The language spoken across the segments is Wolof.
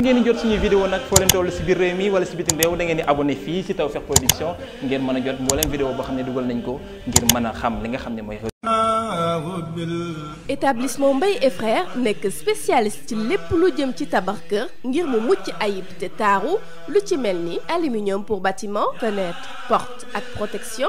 ngeen di jot suñuy vidéo nag foo leen toll si biir réew mi wala si bitim réew da ngeen di abonné fii si Tawfekh Production ngeen mën a jot mbooleem vidéo boo xam ne dugal nañ ko ngir mën a xam li nga xam ne mooy établissement Mbaye mbay frères nekk spécialiste ci lépp lu jëm ci tabax kër ngir mu mucc ayib te taaru lu ci mel ni aluminium pour bâtiment fenêtre porte ak protection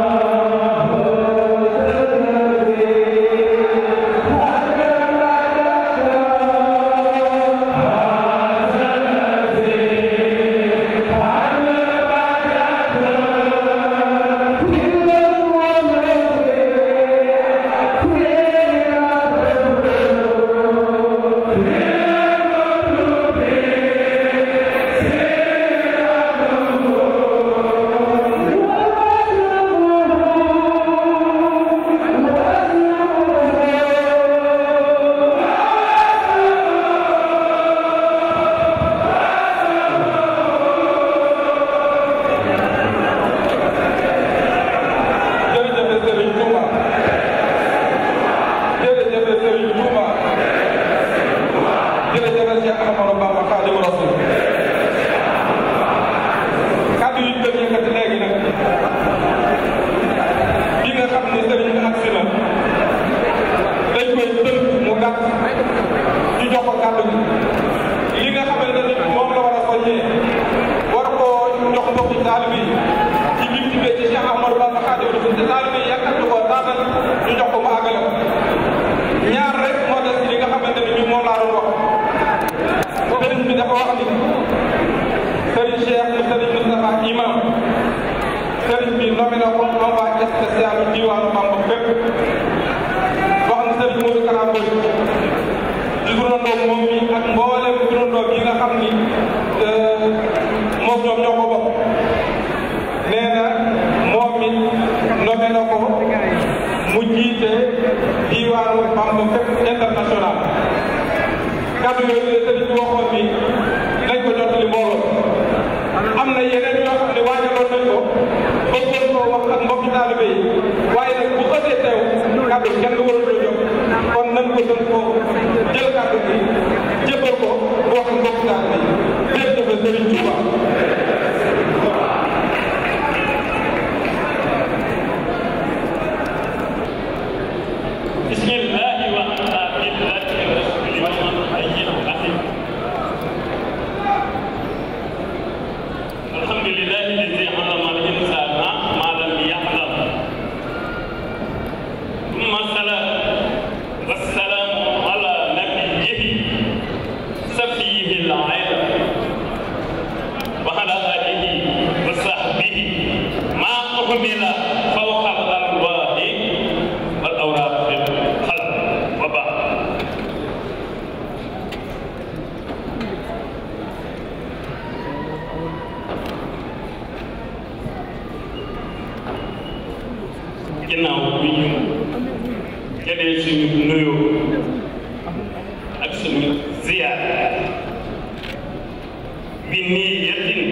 bi nii yettin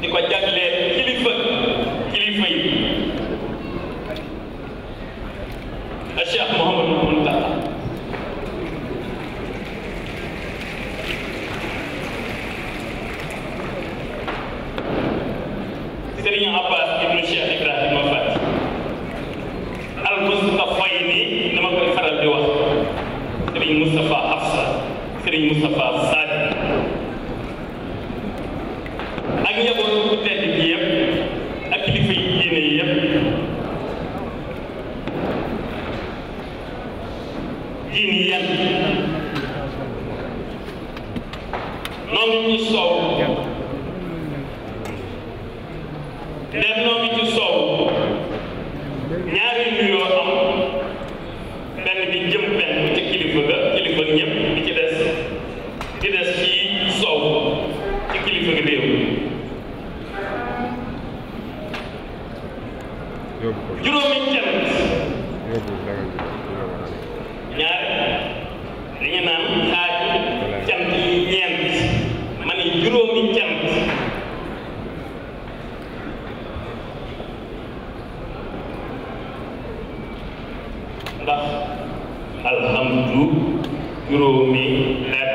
di ko jagleel réew mi nekk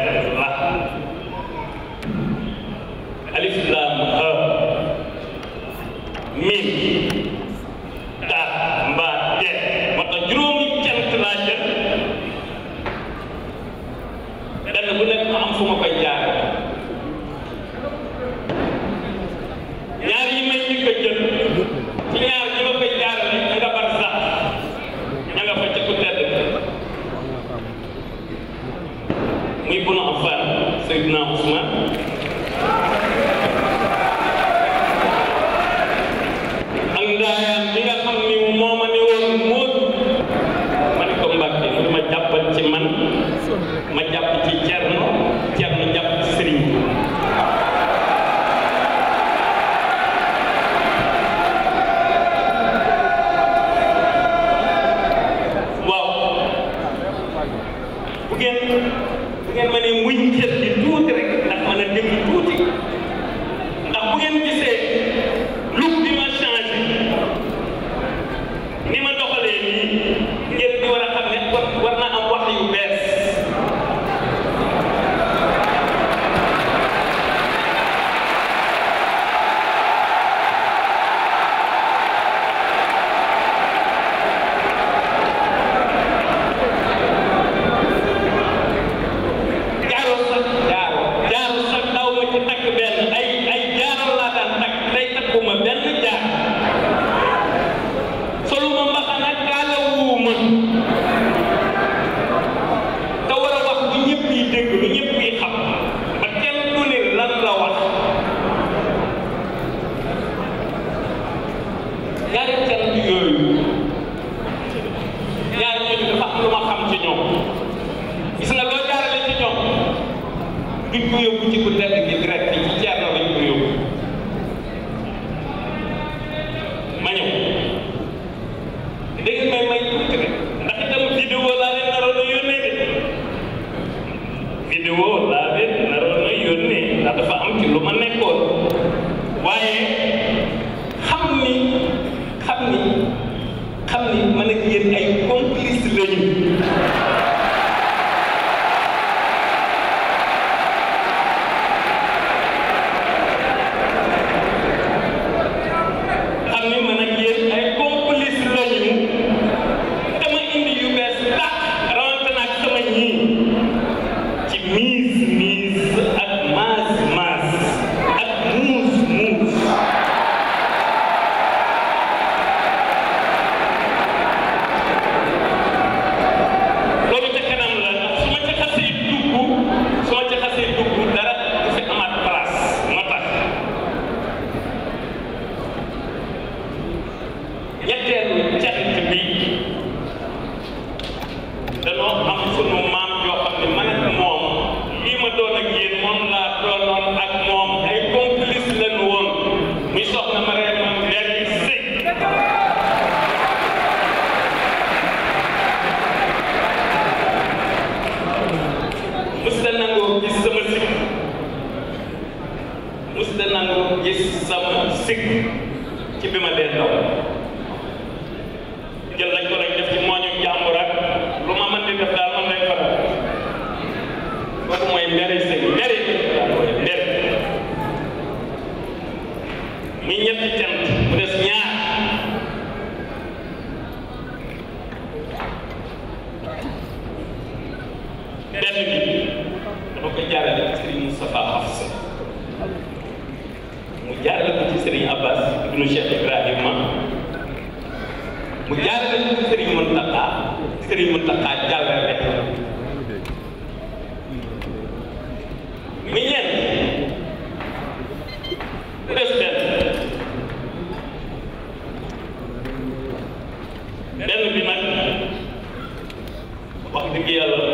dëgg yàlla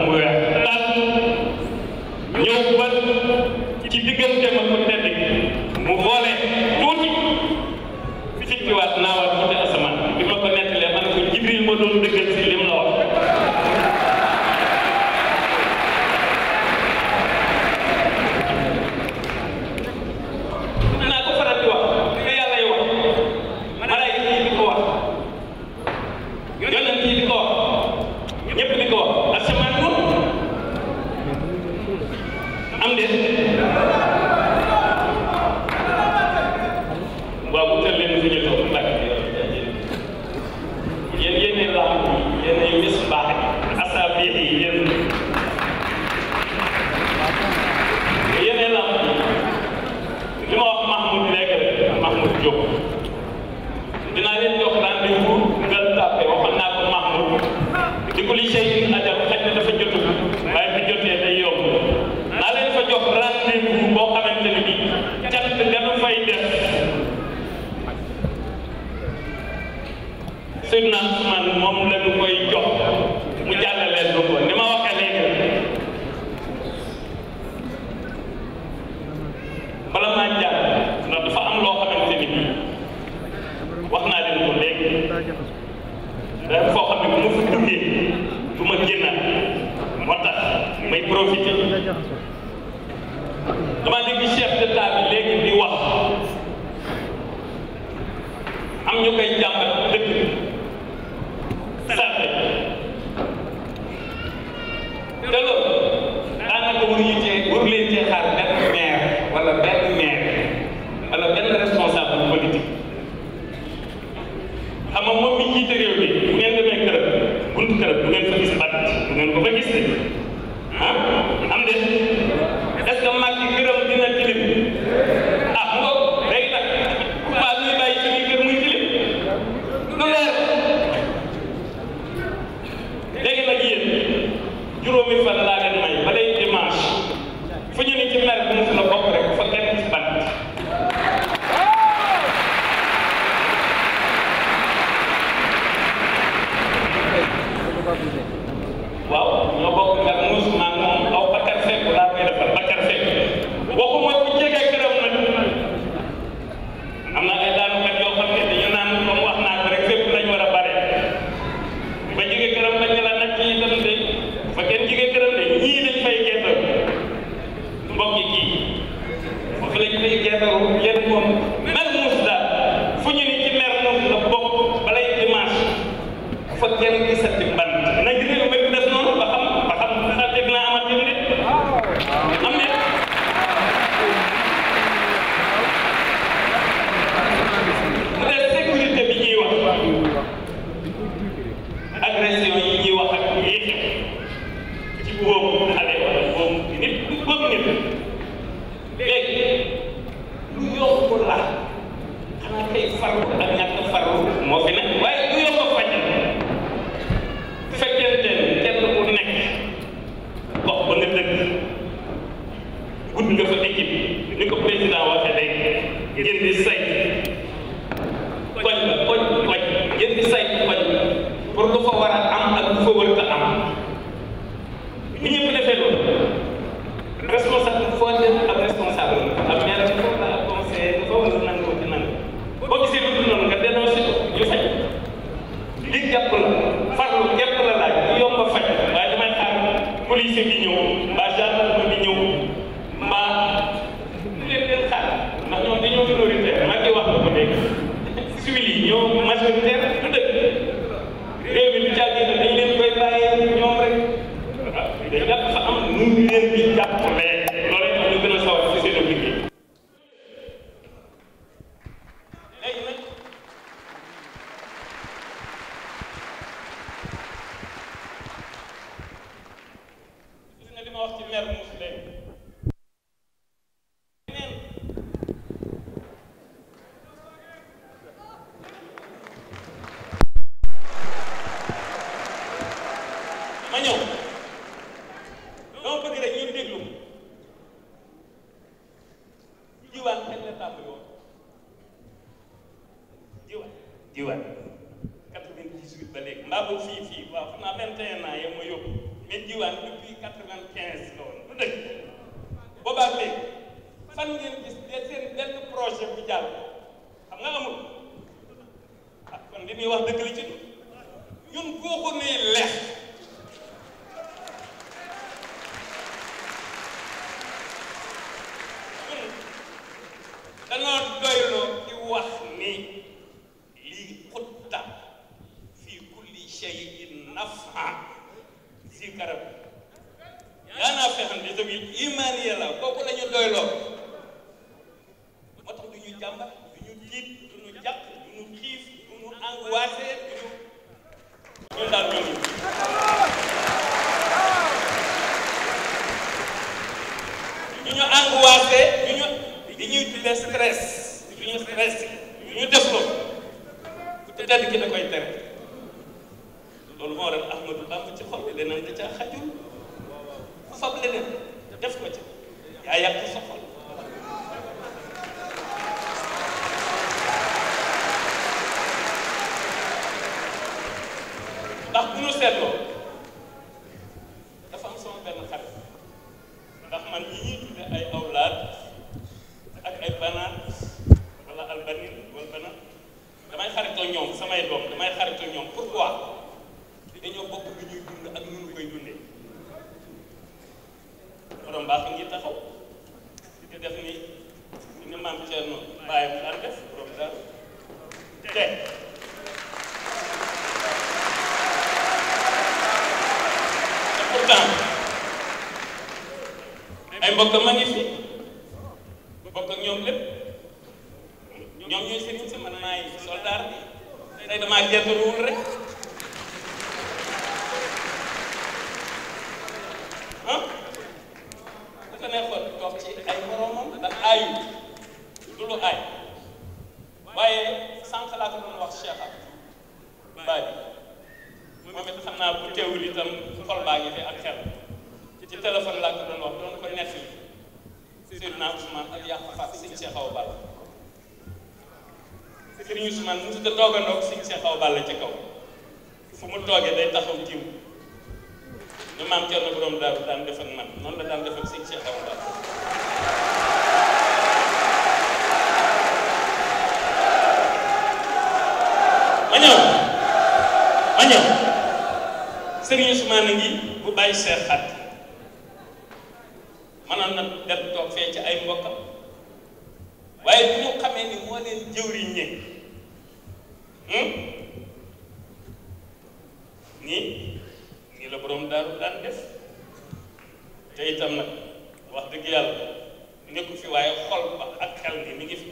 mu weex tal ñëw ban ci diggante ma ko sa mer mu koy tere loolu moo waral Ahmadou ci xol bi leneen da caa xajul fu def ko ci yaa yàq sa xol ndax mënta toog a siñ see xaw bàll ci kaw fu mu toogee day taxaw tiim ñu maam Thierno Borom Daaru daan def ak man noonu la daan def ak siñ see xaw bàll na ñëw ma ñëw bu bàyyi seet xat mënoon na dem toog fee ci ay mbokkam waaye bi ñu xamee ni moo leen jëwriñ ñi Hmm? nii nii la borom daaru daan def te itam nag wax dëgg yàlla nekku fi waaye xol ba ak xel ni mi ngi fi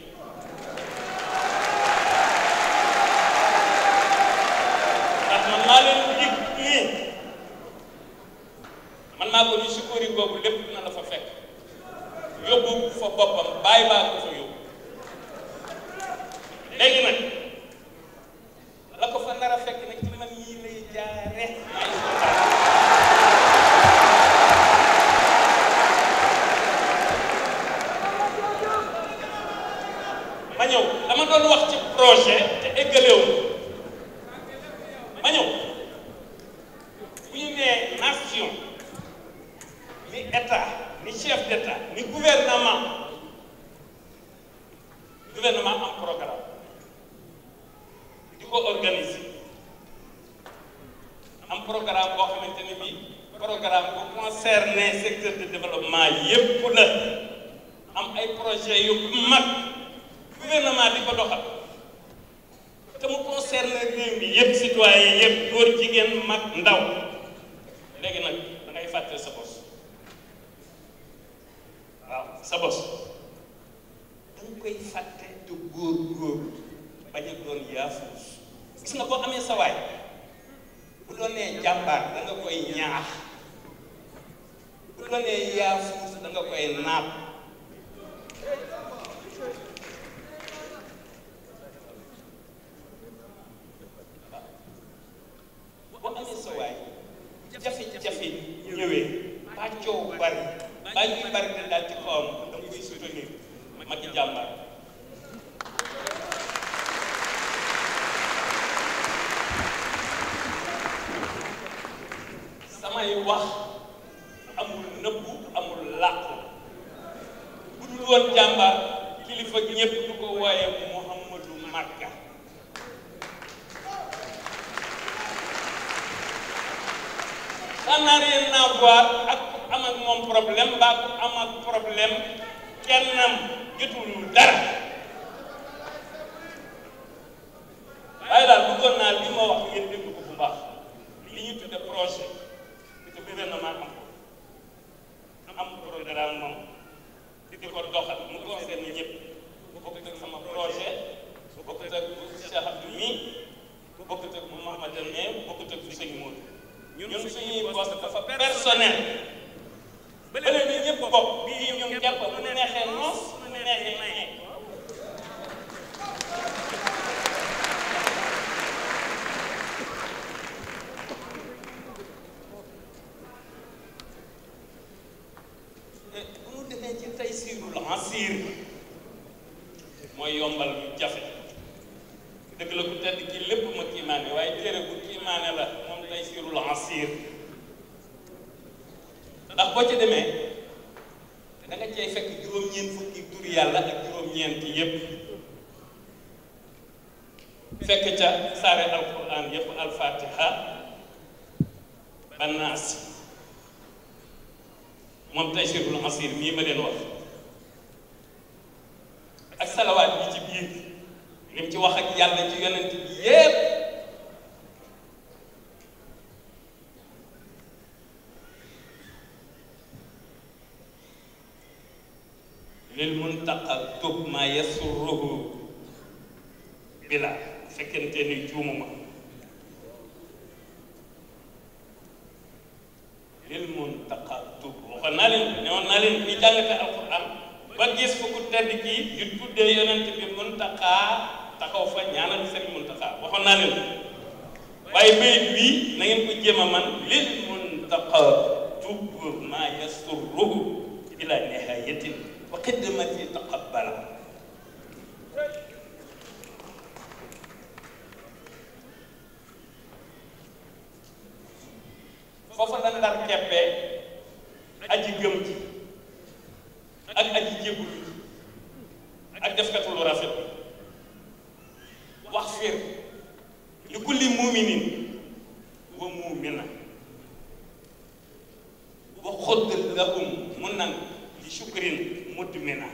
ndax man maa leen dig nii man maa ko ni sukóori boobu lépp dina la fa fekk yóbbu fa boppam bàyyi baa ko fa yóbbu léegi nag fa nar a fekk nag ci man yii lay jaare ma ñëw dama doon wax ci projet te éggalewu ma ñëw bu ñu nee nation ni état ni chef d'état ni gouvernement gouvernement am programme concerné secteur de développement yépp la am ay projet yu mag gouvernement di ko doxal te mu concerné réew mi yépp citoyen yépp góor jigéen mag ndaw léegi nag da ngay fàtte sa bos waaw sa bos muntaqal tub ma yasurruhu bila fekkente ni juumuma lil muntaqal tub waxoon naa leen ne naa leen ñu jàngate alquran ba gis fu ku tedd kii ñu tuddee yonent bi muntaqa taxaw fa ñaanal seen muntaqa waxoon naa leen waaye bayit bi na ko jéem a man lil muntaqa tub ma yasurruhu ila nihayatin وخدمتي تقبلا foofu la ndar keppee aji gëm ji ak aji jégul ji ak defkatu lu rafet wax fiir li kulli muminin wa mumina wa xudd lahum munan li shukrin mudd mi naa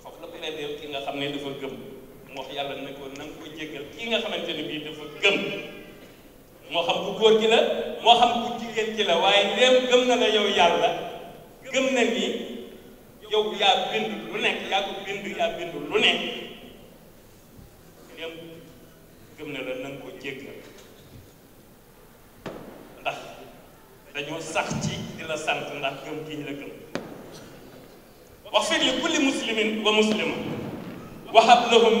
foofu la nga xam ne dafa gëm yàlla ne ko na nga ko jéggal kii nga xamante ne bii dafa gëm moo xam ku góor gi la moo xam ku jigéen gi la waaye léem gëm na la yow yàlla gëm na ni yow yaa bind lu nekk yaa ko bind yaa bind lu nekk léem gëm na la na nga ko jéggal dañoo sax ci di la sant ndax gëm gi ñu la gëm waxfir li kulli muslimin wa muslima wahab lahum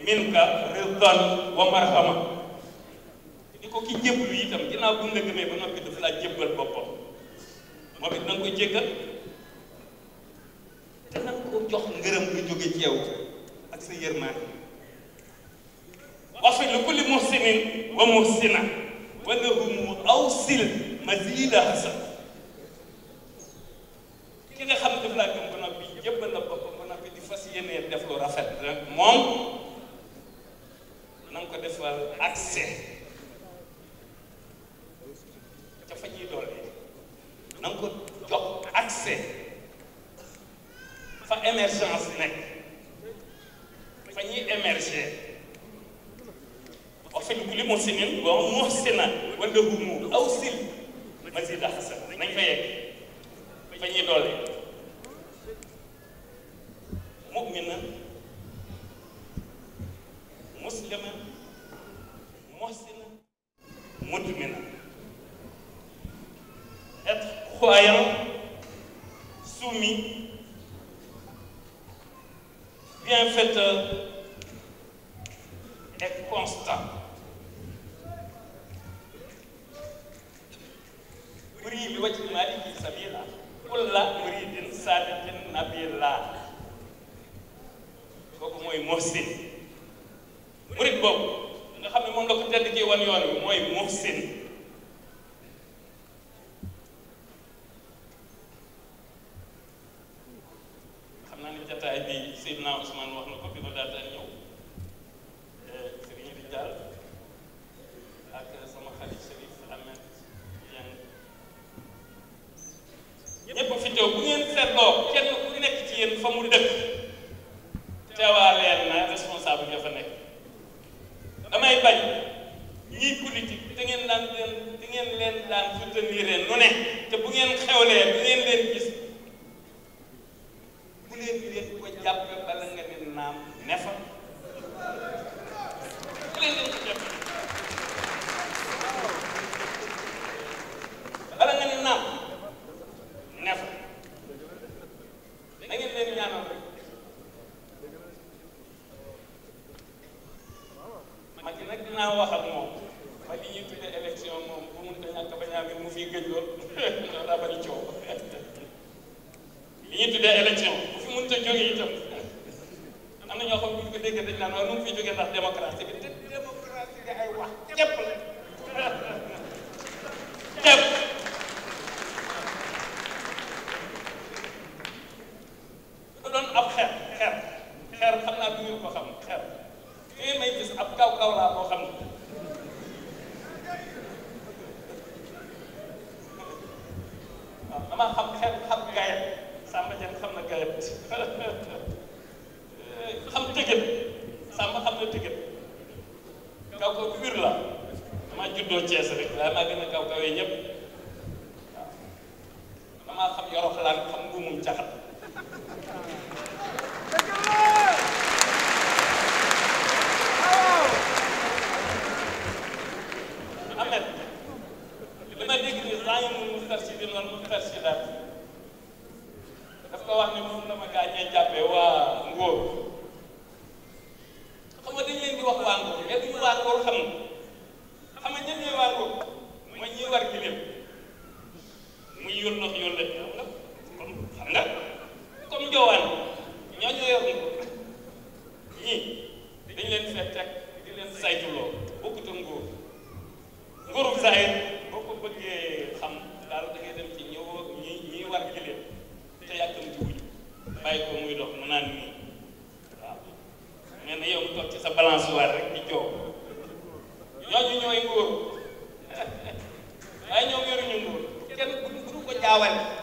minka ridwan wa marhama di ko ki jéblu itam ginnaaw bu nga gëmee ba noppi dafa laa jébbal boppam moom it nanga ko jéggal te nanga ko jox ngërëm lu jóge ci ak sa yërmaane waxfir li kulli muhsinin wa muhsina walahumu awsil mazida hasan ki nga xam daf laa gëm ba noppi jébbal la boppam ba noppi di fas yéenee def lu rafet rek moom na ko defal accès ca fa ñuy doole na nga ko jox accès fa émergence nekk fa ñuy émerger وفي كل محسن ومحسنة وله أوصل مزيد حسنة nañ fa yegg fa ñuy doole مؤمنا مسلما محسنا مؤمنا être croyant soumis bienfaiteur et constant murid wacc maliki sabila kulla muridin sadiqin nabila kooku mooy muhsin murid boobu nga xam ne moom la ko tedd wan yoon mooy muhsin gaawal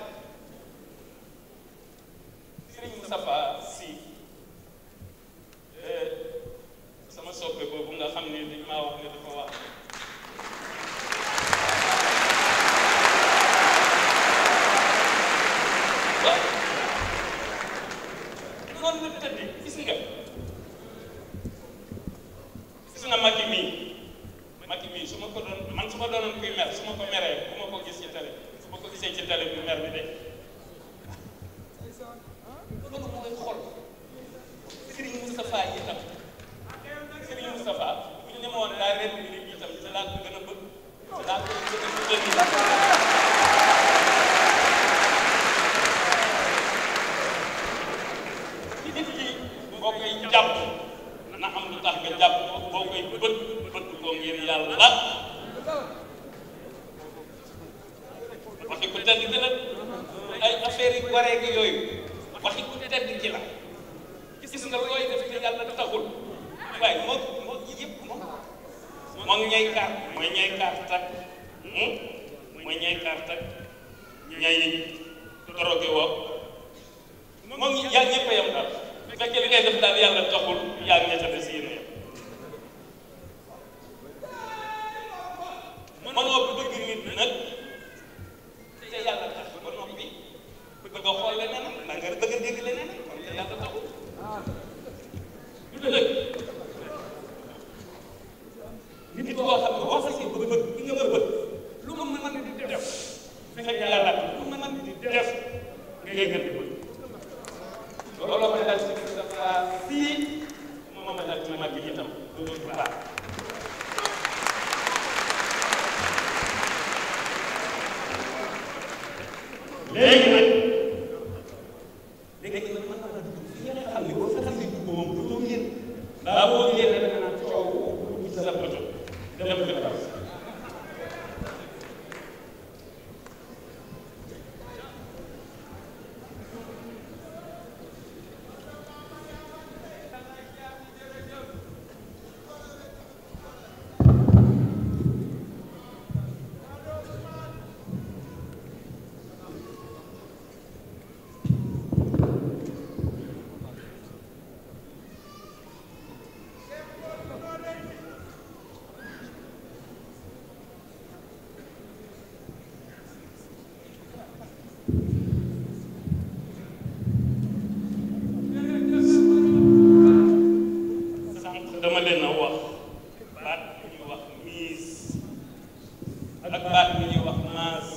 baat bi ñuy wax maas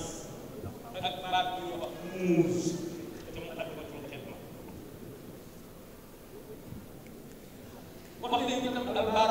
ak baat bi ñuy wax muus te mu àgg ba ci xel ma wax nañu tam albaar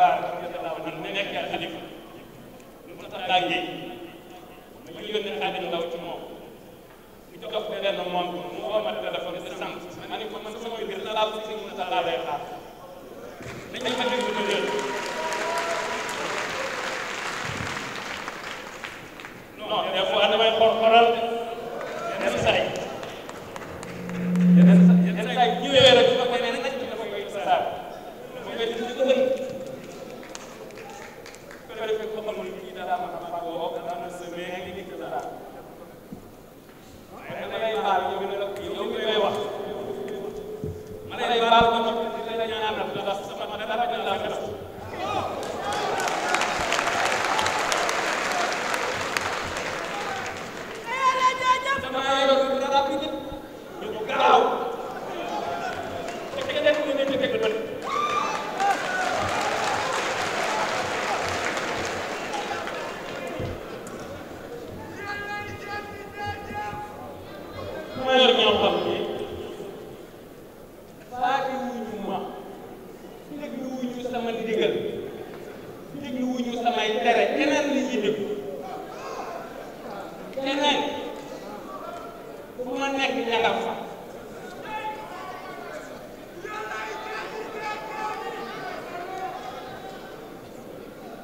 Ba radiyallahu anhu ne nekk xalifa mu ko tàngee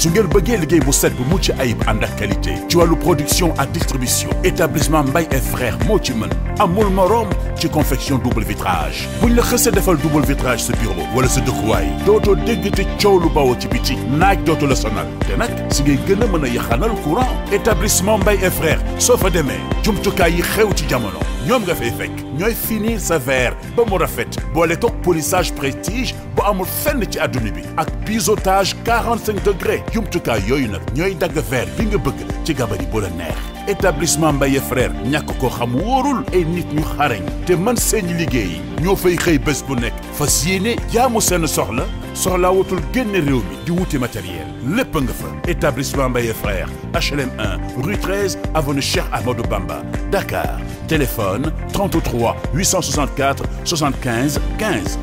su ngeen bëggee liggéey bu set bu mucc ayib ànd ak ci wàllu production ak distribution établissement Mbaye et frères moo ci mën amul morom ci confection double vitrage buñ la xësee defal double vitrage sa bureau wala sa dëkkuwaay dootoo dégg te coow lu bawoo ci biti naaj dootu la sonal te nag si ngay gën a mën a yaxanal courant établissement Mbaye et frères soo fa demee jumtukaay yi xew ci jamono ñoom nga fay fekk ñooy finir sa ver ba mu rafet boole toog polissage prestige amul fenn ci adduna bi ak biseautage 45 degré jumtukaay yooyu nag ñooy dagg verre bi nga bëgg ci gabari bu la neex établissement Mbaye frère ñàkk ko xam wóorul ay nit ñu xarañ te man seen liggéey ñoo fay xëy bés bu nekk fas yéene jaamu seen soxla soxlaa wutul génne réew mi di wuti matériel lépp nga fa établissement mbay frère HLM 1 rue 13 avenue Cheikh Amadou Bamba Dakar téléphone 33 864 75 15